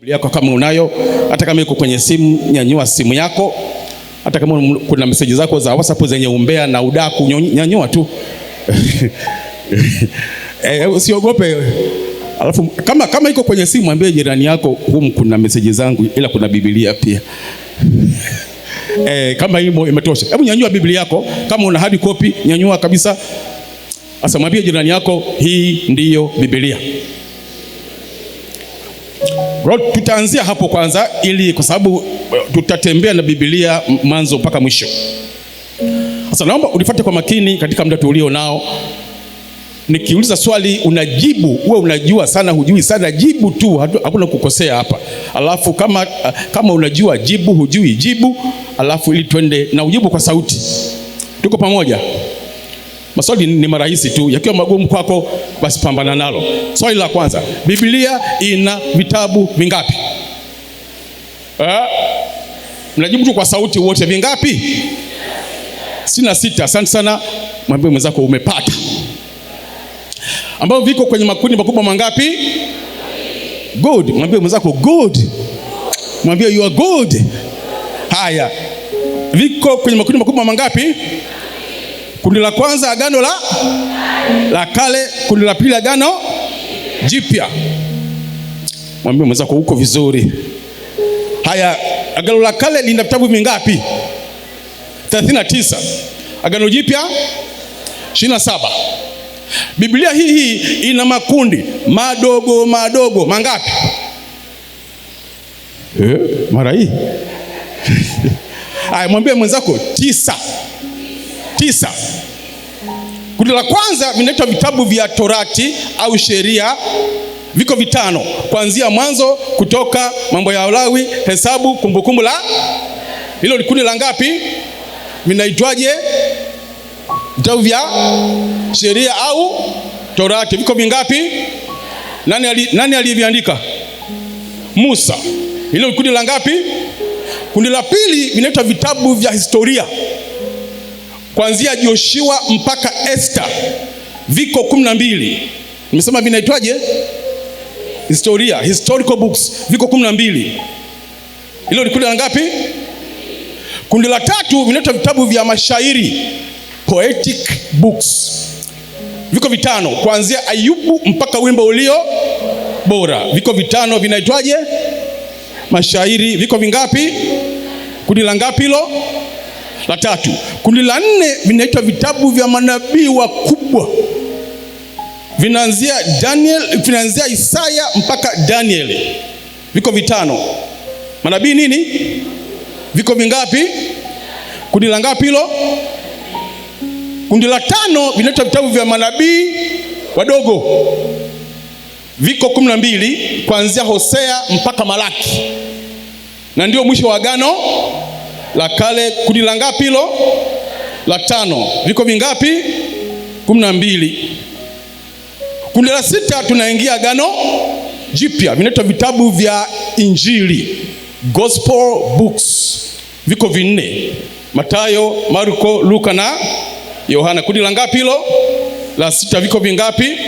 Biblia yako kama unayo, hata kama iko kwenye simu, nyanyua simu yako. Hata kama kuna meseji zako za WhatsApp zenye umbea na udaku, nyanyua tu e, usiogope. Alafu kama, kama iko kwenye simu, mwambie jirani yako, humu kuna meseji zangu, ila kuna Biblia pia e, kama hiyo imetosha, hebu nyanyua Biblia yako, kama una hard copy nyanyua kabisa. asamwambie jirani yako, hii ndiyo Biblia. Tutaanzia hapo kwanza, ili kwa sababu eh, tutatembea na Biblia mwanzo mpaka mwisho. Sasa naomba unifuate kwa makini katika muda tulio nao. Nikiuliza swali unajibu, uwe unajua sana, hujui sana, jibu tu, hakuna kukosea hapa. Alafu kama, kama unajua jibu, hujui jibu, alafu ili twende na ujibu kwa sauti. Tuko pamoja? Maswali ni marahisi tu, yakiwa magumu kwako, basi pambana nalo. Swali la kwanza, Biblia ina vitabu vingapi? Eh? Mnajibu tu kwa sauti wote, vingapi? Sitini na sita. Asante sana, mwambie mwenzako umepata, ambavyo viko kwenye makundi makubwa mangapi? Good. Mwambie mwenzako good, mwambie you are good. Haya, viko kwenye makundi makubwa mangapi? Kundi la kwanza agano la, la kale, kundi la pili agano jipya. Mwambie mwenzako huko vizuri. Haya, agano la kale lina vitabu vingapi? 39. Agano jipya 27. Biblia hii hii ina makundi madogo madogo mangapi? Eh, mara hii Aya, mwambie mwenzako tisa, tisa. Kundi la kwanza vinaitwa vitabu vya Torati au sheria, viko vitano, kuanzia Mwanzo, Kutoka, Mambo ya Walawi, Hesabu, Kumbukumbu la hilo ni kundi la ngapi? Vinaitwaje? Vitabu vya sheria au Torati, viko vingapi? Nani ali, nani aliviandika? Musa. Hilo kundi la ngapi? Kundi la pili vinaitwa vitabu vya historia kuanzia Joshua mpaka Esther, viko kumi na mbili. Nimesema vinaitwaje? Historia, historical books, viko kumi na mbili. Hilo ni kundi la ngapi? Kundi la tatu vinaitwa vitabu vya mashairi, poetic books, viko vitano, kuanzia Ayubu mpaka wimbo ulio bora, viko vitano. Vinaitwaje? Mashairi, viko vingapi? Kundi la ngapi hilo? la tatu. Kundi la nne vinaitwa vitabu vya manabii wakubwa, vinaanzia Daniel, vinaanzia Isaya mpaka Danieli, viko vitano. Manabii nini? Viko vingapi? Kundi la ngapi hilo? Kundi la tano vinaitwa vitabu vya manabii wadogo, viko kumi na mbili kuanzia Hosea mpaka Malaki, na ndio mwisho wa agano la kale kundi la ngapi hilo? La tano. Viko vingapi? kumi na mbili. Kundi la sita tunaingia Agano Jipya, vinaitwa vitabu vya Injili, gospel books. Viko vinne: Matayo, Marko, Luka na Yohana. Kundi la ngapi hilo? La sita. Viko vingapi?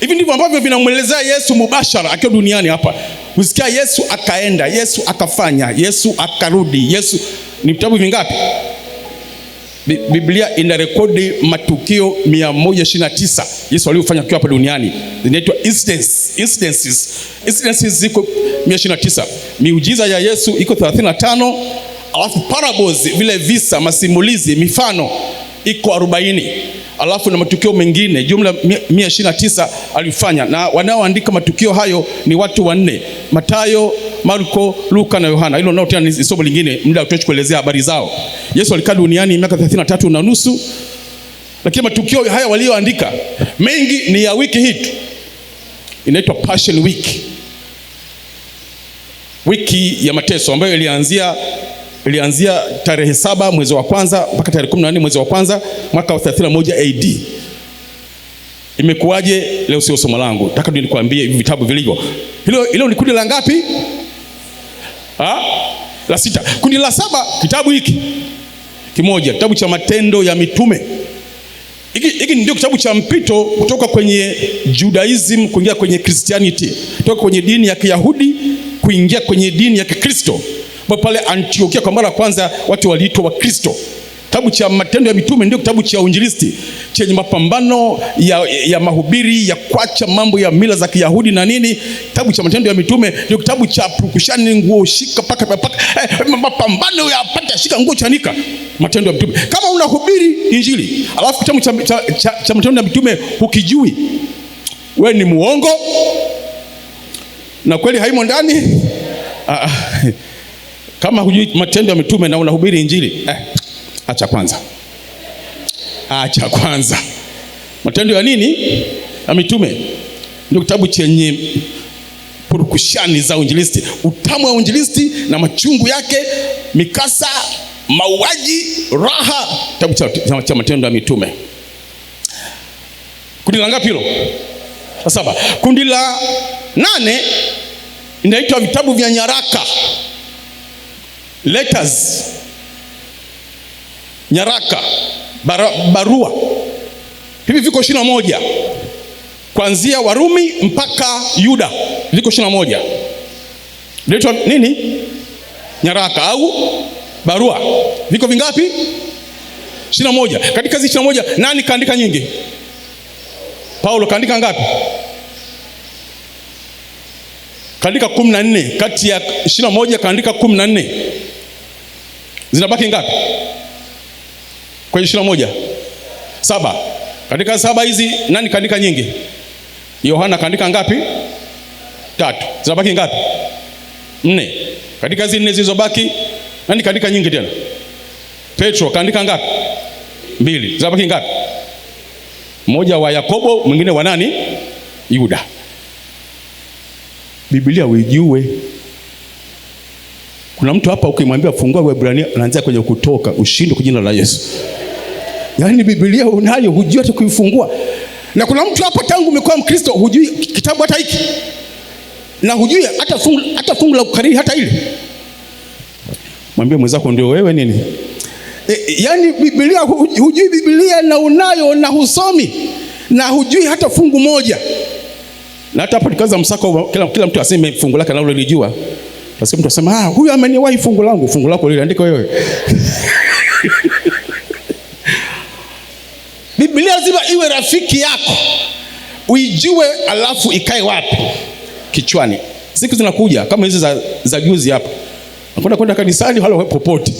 Hivi ndivyo ambavyo vinamwelezea Yesu mubashara akiwa duniani hapa. Msikia Yesu akaenda, Yesu akafanya, Yesu akarudi, Yesu. Ni vitabu vingapi? Biblia ina rekodi matukio 129 Yesu aliyofanya akiwa hapa duniani, zinaitwa incidences. Incidences ziko 129. Miujiza ya Yesu iko 35, alafu parables, vile visa, masimulizi, mifano iko 40, alafu na matukio mengine, jumla 129 alifanya, na wanaoandika matukio hayo ni watu wanne. Matayo, Marko, Luka na Yohana. Hilo nao tena ni somo lingine, muda hatuwezi kuelezea habari zao. Yesu alikaa duniani miaka 33 na nusu, lakini matukio haya walioandika mengi ni ya wiki hii tu, inaitwa Passion Week, wiki ya mateso ambayo ilianzia ilianzia tarehe saba mwezi wa kwanza mpaka tarehe 14 mwezi wa kwanza mwaka wa 31 AD. Imekuwaje leo? Sio somo langu, nataka nikuambie hivi vitabu vilivyo. Hilo hilo ni kundi la ngapi? Ha? La sita. Kundi la saba, kitabu hiki kimoja, kitabu cha Matendo ya Mitume. Hiki hiki ndio kitabu cha mpito kutoka kwenye Judaism kuingia kwenye Christianity, kutoka kwenye dini ya Kiyahudi kuingia kwenye dini ya Kikristo. Pale Antiokia kwa mara ya kwanza watu waliitwa Wakristo. Kitabu cha Matendo ya Mitume ndio kitabu cha uinjilisti chenye mapambano ya, ya mahubiri ya kwacha mambo ya mila za Kiyahudi na nini. Kitabu cha Matendo ya Mitume ndio kitabu cha purukushani nguo shika paka paka, eh, mapambano ya paka shika nguo chanika. Matendo ya Mitume, kama unahubiri injili alafu kitabu cha, cha, cha, cha Matendo ya Mitume hukijui, we ni muongo na kweli haimo ndani. Ah, ah. kama hujui Matendo ya Mitume na unahubiri injili eh. Acha kwanza, acha kwanza. Matendo ya nini? Ya Mitume ndio kitabu chenye purukushani za uinjilisti, utamu wa uinjilisti na machungu yake, mikasa, mauaji, raha. Kitabu cha, cha Matendo ya Mitume. Kundi la ngapi hilo? La saba. Kundi la nane inaitwa vitabu vya nyaraka, letters nyaraka, barua, hivi viko ishirini na moja kuanzia Warumi mpaka Yuda, viko ishirini na moja Vinaitwa nini? Nyaraka au barua. Viko vingapi? ishirini na moja. Katika hizi ishirini na moja nani kaandika nyingi? Paulo kaandika ngapi? Kaandika kumi na nne. Kati ya ishirini na moja kaandika kumi na nne, zinabaki ngapi? kwenye ishirini na moja saba. Katika saba hizi nani kaandika nyingi? Yohana kaandika ngapi? Tatu. Zinabaki ngapi? Nne. Katika hizi nne zilizobaki nani kaandika nyingi tena? Petro kaandika ngapi? Mbili. Zinabaki ngapi? Mmoja wa Yakobo, mwingine wa nani? Yuda. Biblia uijue. Kuna mtu hapa ukimwambia fungua Waebrania anaanzia kwenye Kutoka, ushindwe kwa jina la Yesu. Yaani Biblia unayo hujui hata kuifungua. Na kuna mtu hapa tangu umekuwa Mkristo hujui kitabu hata hiki. Na hujui hata fungu hata fungu la kukariri hata ile. Mwambie mwenzako ndio wewe nini? E, yaani Biblia hujui Biblia na unayo na husomi na hujui hata fungu moja. Na hata hapo tukaanza msako kila, kila mtu aseme fungu lake analolijua. Basi mtu asema ah, huyu ameniwahi fungu langu, fungu lako lile wewe. Biblia lazima iwe rafiki yako, uijue alafu ikae wapi? Kichwani. Siku zinakuja kama hizi za, za juzi hapa, nakwenda kwenda kanisani wala popote,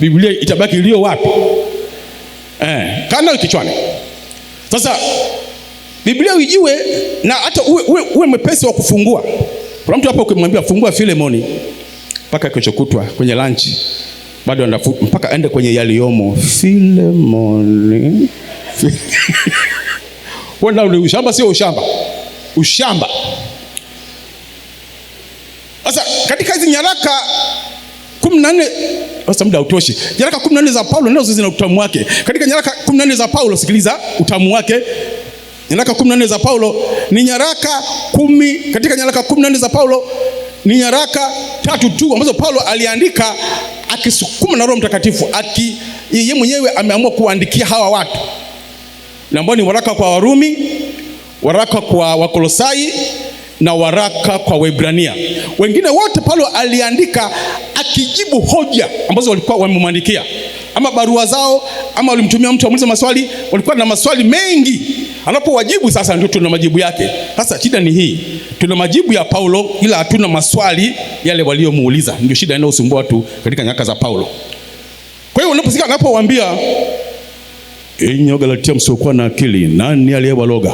Biblia itabaki iliyo wapi? Eh, kana kichwani. Sasa Biblia uijue na hata uwe, uwe, uwe mwepesi wa kufungua. Kuna mtu hapo ukimwambia fungua Filemoni mpaka kesho kutwa kwenye lunch bado mpaka ende kwenye yaliyomo Filemoni wenda ni ushamba, sio ushamba, ushamba. Sasa katika hizi nyaraka kumi na nne sasa muda hautoshi. Nyaraka kumi na nne za Paulo nazo zina utamu wake. Katika nyaraka kumi na nne za Paulo, sikiliza utamu wake. Nyaraka kumi na nne za Paulo ni nyaraka kumi, katika nyaraka kumi na nne za Paulo ni nyaraka tatu tu ambazo Paulo aliandika akisukuma na Roho Mtakatifu, aki yeye mwenyewe ameamua kuandikia hawa watu na ambao ni waraka kwa Warumi, waraka kwa Wakolosai na waraka kwa Waebrania. Wengine wote Paulo aliandika akijibu hoja ambazo walikuwa wamemwandikia, ama barua zao, ama walimtumia mtu amuulize maswali. Walikuwa na maswali mengi, anapowajibu sasa ndio tuna majibu yake. Sasa shida ni hii, tuna majibu ya Paulo ila hatuna maswali yale waliomuuliza. Ndio shida inayosumbua watu katika nyaka za Paulo. Kwa hiyo unaposikia anapowaambia Enyi Wagalatia msiokuwa na akili, nani aliyewaloga?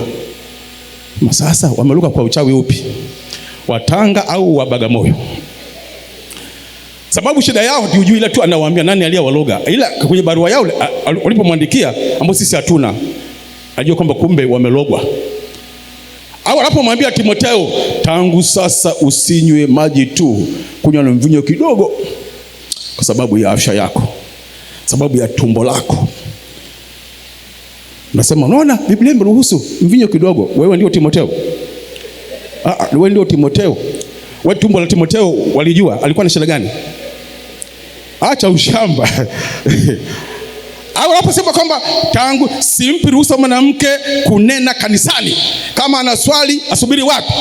Sasa wameloga kwa uchawi upi? Watanga au wa Bagamoyo? Sababu shida yao hujui, ila tu anawaambia nani aliyewaloga, ila kwenye barua yao walipomwandikia, ambao sisi hatuna, ajua kwamba kumbe wamelogwa au anapomwambia Timotheo, tangu sasa usinywe maji tu, kunywa na mvinyo kidogo, kwa sababu ya afya yako, sababu ya tumbo lako. Nasema unaona Biblia imeruhusu mvinyo kidogo. Wewe ndio Timotheo. Ah, ah, wewe ndio Timotheo. Wewe tumbo la Timotheo walijua alikuwa na shida gani? Acha ushamba. Au unaposema kwamba tangu simpi ruhusa mwanamke kunena kanisani, kama ana swali asubiri watu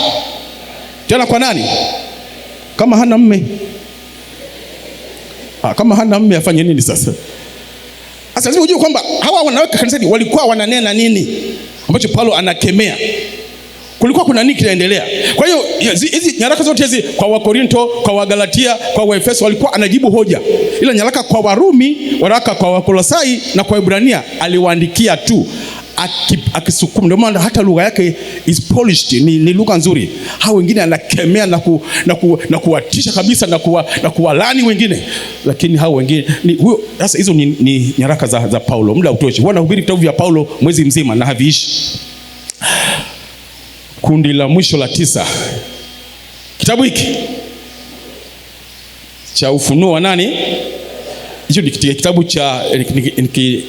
Tena kwa nani? Kama hana mme. Ah, kama hana mme afanye nini sasa? Sasa lazima ujue kwamba hawa wanaweka kanisani walikuwa wananena nini ambacho Paulo anakemea. Kulikuwa kuna nini kinaendelea? Kwa hiyo hizi nyaraka zote hizi kwa Wakorinto, kwa Wagalatia, kwa Waefeso walikuwa anajibu hoja, ila nyaraka kwa Warumi, waraka kwa Wakolosai na kwa Ibrania aliwaandikia tu akisukuma. Ndio maana hata lugha yake is polished, ni, ni lugha nzuri. Hao wengine anakemea na, ku, na, ku, na kuwatisha kabisa na, kuwa, na kuwalani wengine, lakini hao wengine ni, huyo sasa. Hizo ni, ni nyaraka za, za Paulo. Muda utoshi, huwa anahubiri vitabu vya Paulo mwezi mzima na haviishi. Kundi la mwisho la tisa, kitabu hiki cha Ufunuo wa nani? hicho ni kitabu cha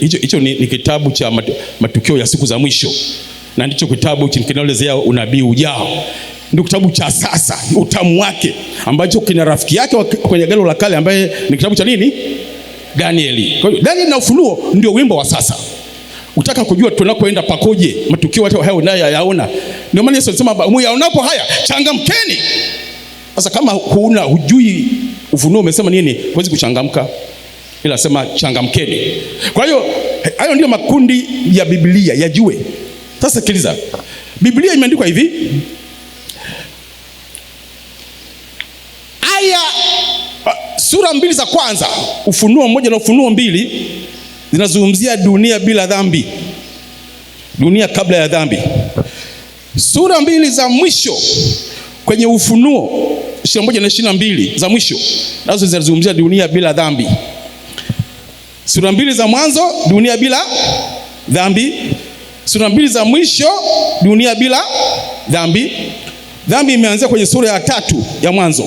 hicho ni kitabu cha matukio ya siku za mwisho, na ndicho kitabu kinaelezea unabii ujao ndio kitabu cha sasa utamu wake ambacho kina rafiki yake kwenye Agano la Kale ambaye ni kitabu cha nini? Danieli. Kwa hiyo Danieli na Ufunuo ndio wimbo wa sasa. Utaka kujua tunakoenda pakoje, matukio hata hayo unayoyaona. Ndio maana Yesu alisema muyaonapo haya changamkeni. Sasa kama huna hujui Ufunuo umesema nini, huwezi kuchangamka ila inasema changamkeni. Kwa hiyo hayo ndiyo makundi ya Biblia yajue. Sasa sikiliza, Biblia imeandikwa hivi, aya ah, sura mbili za kwanza, Ufunuo moja na Ufunuo mbili zinazungumzia dunia bila dhambi, dunia kabla ya dhambi. Sura mbili za mwisho kwenye Ufunuo ishirini na moja na ishirini na mbili za mwisho nazo zinazungumzia dunia bila dhambi. Sura mbili za mwanzo, dunia bila dhambi. Sura mbili za mwisho, dunia bila dhambi. Dhambi imeanzia kwenye sura ya tatu ya mwanzo.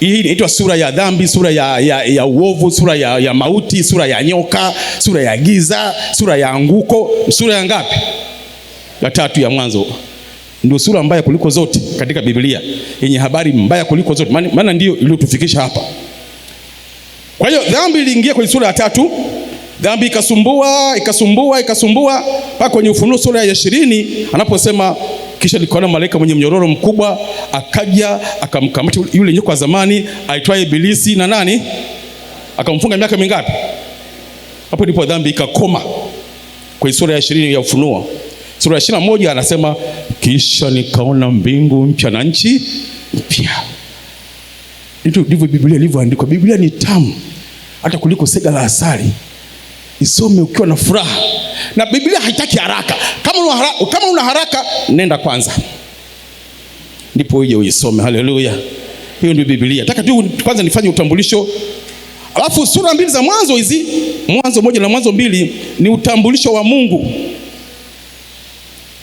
Hii inaitwa sura ya dhambi, sura ya, ya, ya uovu, sura ya, ya mauti, sura ya nyoka, sura ya giza, sura ya anguko. Sura ya ngapi? Ya tatu ya mwanzo. Ndio sura mbaya kuliko zote katika Biblia, yenye habari mbaya kuliko zote, maana ndiyo iliyotufikisha hapa. Kwa hiyo dhambi iliingia kwenye sura ya tatu, dhambi ikasumbua ikasumbua ikasumbua mpaka kwenye Ufunuo sura ya ishirini anaposema kisha nikaona malaika mwenye mnyororo mkubwa akaja akamkamata yule nyoka wa zamani aitwaye Ibilisi na nani, akamfunga miaka mingapi? Hapo ndipo dhambi ikakoma kwenye sura ya ishirini ya Ufunuo. Sura ya ishirini na moja anasema kisha nikaona mbingu mpya na nchi mpya. Ndivyo Biblia ilivyoandikwa. Biblia ni tamu hata kuliko sega la asali. Isome ukiwa na furaha, na Biblia haitaki haraka. Kama una haraka, kama una haraka nenda kwanza, ndipo uje uisome. Haleluya, hiyo ndio Biblia. Nataka tu kwanza nifanye utambulisho, alafu sura mbili za Mwanzo hizi, Mwanzo moja na Mwanzo mbili ni utambulisho wa Mungu.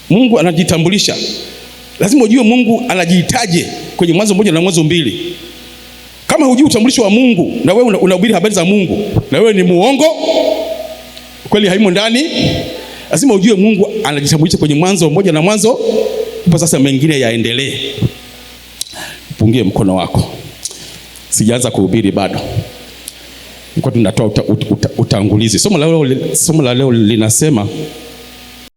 Mungu anajitambulisha, lazima ujue Mungu anajihitaje kwenye Mwanzo moja na Mwanzo mbili. Kama hujui utambulisho wa Mungu na wewe unahubiri habari za Mungu na wewe ni muongo, kweli haimo ndani. Lazima ujue Mungu anajitambulisha kwenye Mwanzo mmoja na Mwanzo, ndipo sasa mengine yaendelee. Pungie mkono wako, sijaanza kuhubiri bado, nilikuwa tunatoa uta, uta, uta, utangulizi. Somo la leo, somo la leo linasema